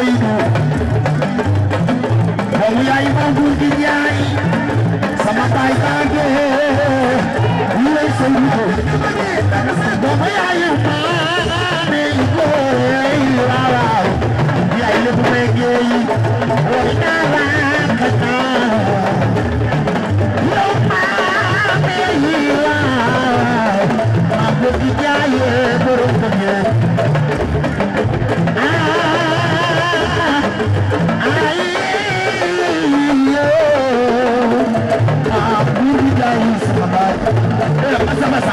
Seydou boobu yaay ma nguur gi yaay sama baay baa ngee